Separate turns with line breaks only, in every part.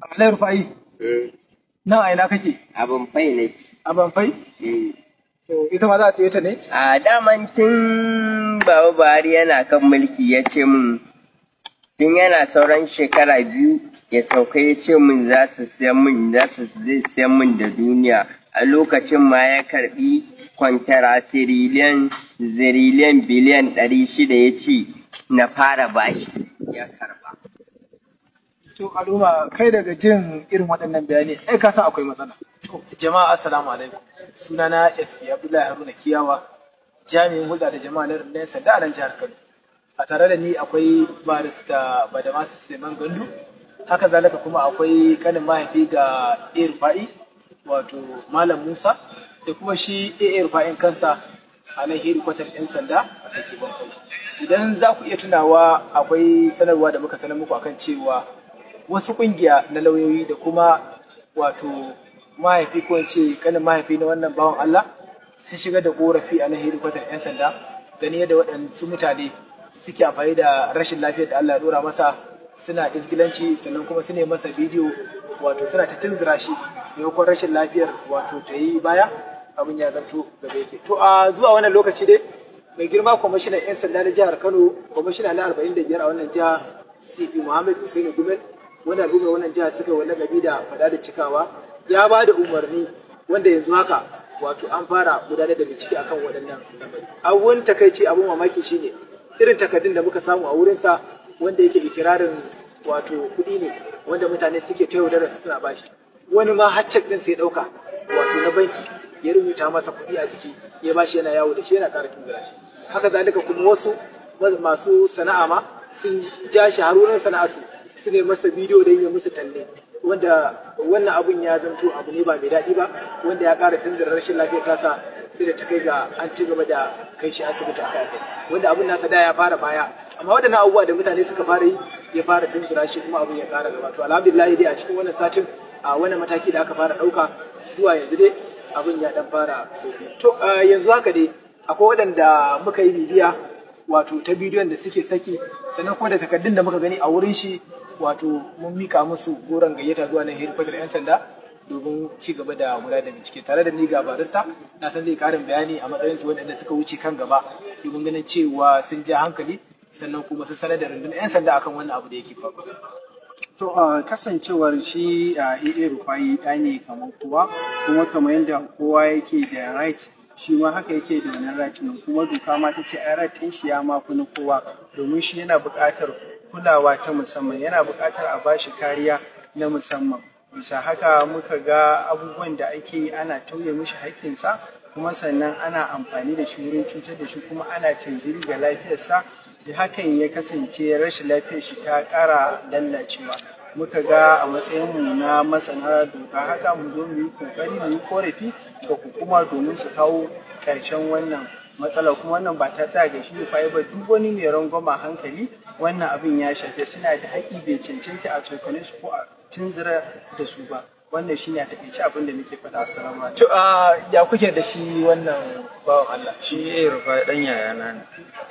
Alai Rufa'i. Eh. Nan a ina kake? Abin fai ne. A fai? Eh. To ita ma za a siye ta ne? A daman tun Baba Buhari yana kan mulki ya ce min tun yana sauran shekara biyu ya sauka ya ce min za su siyan min za su zai siyan min da duniya a lokacin ma ya karbi kwantara tiriliyan ziriliyan biliyan ɗari shida ya ce na fara bashi ya karbi.
To Aluma kai daga jin irin waɗannan bayani ai ka san akwai matsala. To jama'a assalamu alaikum. Sunana SP Abdullahi Haruna Kiyawa jami'in hulɗa da jama'a na rundunar sanda a nan jihar Kano. A tare da ni akwai barista Badamasu Suleiman Gandu haka zalika kuma akwai kanin mahaifi ga fai wato Malam Musa da kuma shi AA Irfa'in kansa a nan hedikwatar 'yan sanda a ke Idan za ku iya tunawa akwai sanarwa da muka sanar muku akan cewa wasu kungiya na lauyoyi da kuma wato mahaifi ko ce kanin mahaifi na wannan bawan Allah sun shiga da korafi a nan hedikwatar 'yan sanda gani da waɗansu mutane suke amfani da rashin lafiyar da Allah ya dora masa suna izgilanci sannan kuma su ne masa bidiyo wato suna ta tunzura shi maimakon rashin lafiyar wato ta yi baya abin ya zanto gaba yake to a zuwa wannan lokaci dai mai girma kwamishinan 'yan sanda na jihar kano kwamishina na 45 a wannan jiha cp muhammad hussein gumel wanda al'ummar wannan jiha suka yi gabi da fada da cikawa ya ba da umarni wanda yanzu haka wato an fara gudanar da bincike akan waɗannan abubuwan takaici abin mamaki shine irin takardun da muka samu a wurinsa wanda yake ikirarin wato kuɗi ne wanda mutane suke ta yaudarar su suna bashi wani ma haccek ɗin sai ɗauka wato na banki ya rubuta masa kuɗi a jiki ya bashi yana yawo da shi yana ƙara kin gashi haka zalika kuma wasu masu sana'a ma sun ja shi har wurin sana'a su suka yi masa bidiyo don ya musu talle wanda wannan abun ya zanto abu ne ba mai daɗi ba wanda ya ƙara canza rashin lafiyar kasa sai da ta kai ga an ci gaba da kai shi asibiti a kai wanda abun nasa da ya fara baya amma waɗannan abubuwa da mutane suka fara yi ya fara tunzura shi kuma abun ya ƙara gaba to alhamdulillah dai a cikin wannan satin a wannan mataki da aka fara ɗauka zuwa yanzu dai abun ya ɗan fara sauki to yanzu haka dai akwai waɗanda muka yi bibiya wato ta bidiyon da suke saki sannan kuma da takardun da muka gani a wurin shi wato mun mika musu goron gayyata zuwa na hedikwatar 'yan sanda domin ci gaba da gudanar da bincike tare da ni ga barista na san zai karin bayani a matsayin su waɗanda suka wuce kan gaba domin ganin cewa sun ja hankali sannan kuma sun sanar da rundunar 'yan sanda akan wannan abu da yake faruwa.
To kasancewar shi a AA rufayi ɗa ne kamar kowa kuma kamar yadda kowa yake da right shi ma haka yake da wannan right kuma doka ma ta ce ai right ɗin shi ya ma kuna kowa domin shi yana buƙatar kulawa ta musamman yana buƙatar a bashi kariya na musamman bisa haka muka ga abubuwan da ake yi ana tauye mishi haƙƙinsa kuma sannan ana amfani da shi wurin cutar da shi kuma ana tunziri ga lafiyarsa da hakan ya kasance rashin lafiyar shi ta ƙara lallacewa muka ga a matsayinmu na masana doka haka mu zo mu yi ƙoƙari mu yi ƙorafi ga hukuma domin su kawo ƙarshen wannan matsala kuma wannan ba ta tsaya ga shi ba ba duk wani mai rangwama hankali wannan abin ya shafe suna da haƙi bai cancanta a tsokane su ko a tunzira da su ba wannan shine a takaice abin da muke faɗa assalamu alaikum
to ya kuke da shi wannan bawan Allah shi ya eh, rufa dan yaya ne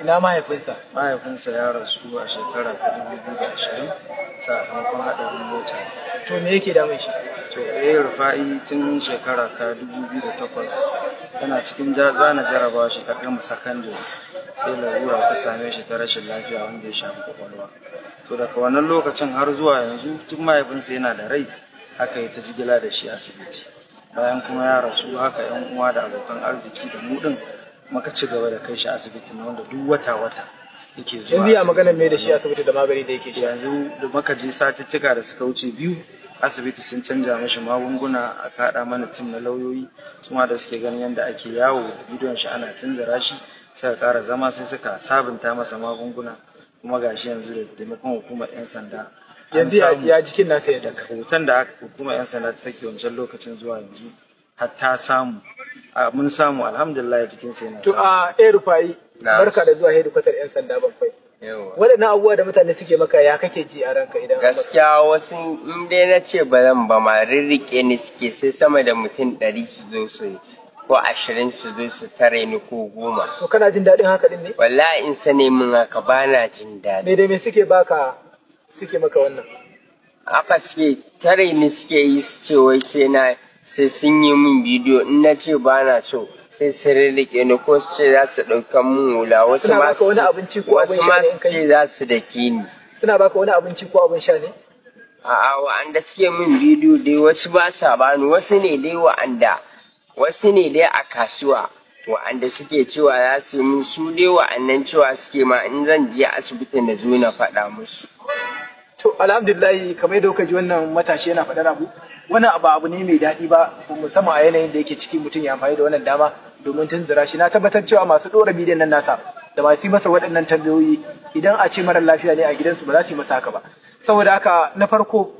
ina mahaifinsa mahaifinsa ya rasu a shekara ta 2020 sakamakon haɗarin mota to me yake damun shi to eh rufa'i tun shekara ta 2008 yana cikin zana jarabawa shi ta gama sakandare sai larura ta same shi ta rashin lafiya wanda ya shafi kwakwalwa to daga wannan lokacin har zuwa yanzu tun mahaifinsa yana da rai haka ya ta jigila da shi asibiti bayan kuma ya rasu haka yan uwa da abokan arziki da mudin maka muka ci gaba da kai shi asibiti na wanda duk wata wata yake zuwa yanzu ya magana mai da shi asibiti da magani da yake yanzu da muka je satuttuka da suka wuce biyu asibiti sun canja mashi magunguna a kaɗa mana tim na lauyoyi suma da suke ganin yadda ake yawo da bidiyon shi ana tunzura shi suka ƙara zama sai suka sabunta masa magunguna kuma gashi yanzu da taimakon hukumar 'yan sanda yanzu ya jikin nasa ya daka hoton da hukumar 'yan sanda ta sake wancan lokacin zuwa yanzu har ta samu mun samu alhamdulillah na yana to a eh
barka da zuwa hedikwatar 'yan sanda bakwai waɗannan abubuwa da mutane suke maka ya kake ji a ranka idan
gaskiya wasu in dai na ce ba zan ba ma rirriƙe ni suke sai sama da mutum ɗari su zo su ko ashirin su zo su tare ni ko goma
to kana jin daɗin haka ɗin ne
wallahi in sani min haka ba na jin daɗi
me da me suke baka suke maka wannan
haka suke tare ni suke yi su ce wai sai na sai sun yi min bidiyo in na ce ba na so sai su rirriƙe ne ko su ce za su ɗaukan mun hula wasu ma su ce za su dake
ni. Suna baka wani abinci ko abin sha ne?
A'a wa'anda suke min bidiyo dai wasu ba sa bani wasu ne dai wa'anda wasu ne dai a kasuwa wa'anda suke cewa za su min su dai wa'annan cewa suke ma in zan je asibitin da zo na faɗa musu. To alhamdulillah kamar yadda kuka ji wannan
matashi yana faɗar abu wannan abu abu ne mai daɗi ba musamman a yanayin da yake ciki mutum ya amfani da wannan dama domin tunzura shi na tabbatar cewa masu ɗora bidiyon nan nasa da masu yi masa waɗannan tambayoyi idan a ce mara lafiya ne a gidansu ba za su yi masa haka ba saboda haka na farko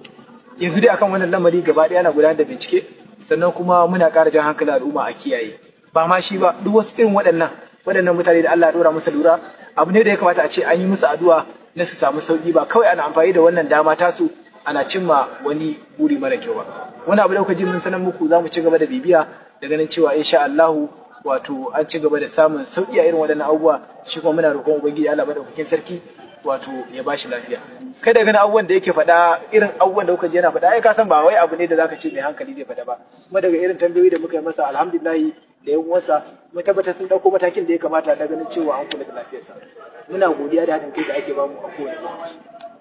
yanzu dai akan wannan lamari gaba ɗaya na gudanar da bincike sannan kuma muna ƙara jan hankali al'umma a kiyaye ba ma shi ba duk wasu irin waɗannan waɗannan mutane da Allah ya ɗora musu lura abu ne da ya kamata a ce an yi musu addu'a na su samu sauki ba kawai ana amfani da wannan dama tasu ana cimma wani buri mara kyau ba wani abu da kuka ji mun sanar muku za mu ci gaba da bibiya da ganin cewa insha Allahu wato an ci gaba da samun sauki a irin waɗannan abubuwa shi kuma muna roƙon ubangiji Allah madaukakin sarki wato ya ba shi lafiya kada gani abubuwan da yake faɗa irin abubuwan da kuka je yana faɗa ai ka san ba wai abu ne da zaka ce mai hankali zai faɗa ba kuma daga irin tambayoyi da muka yi masa alhamdulillah da yan uwansa mu tabbatar sun dauko matakin da ya kamata da ganin cewa an kula da lafiyarsa muna godiya da haɗin kai da ake bamu a kowane lokaci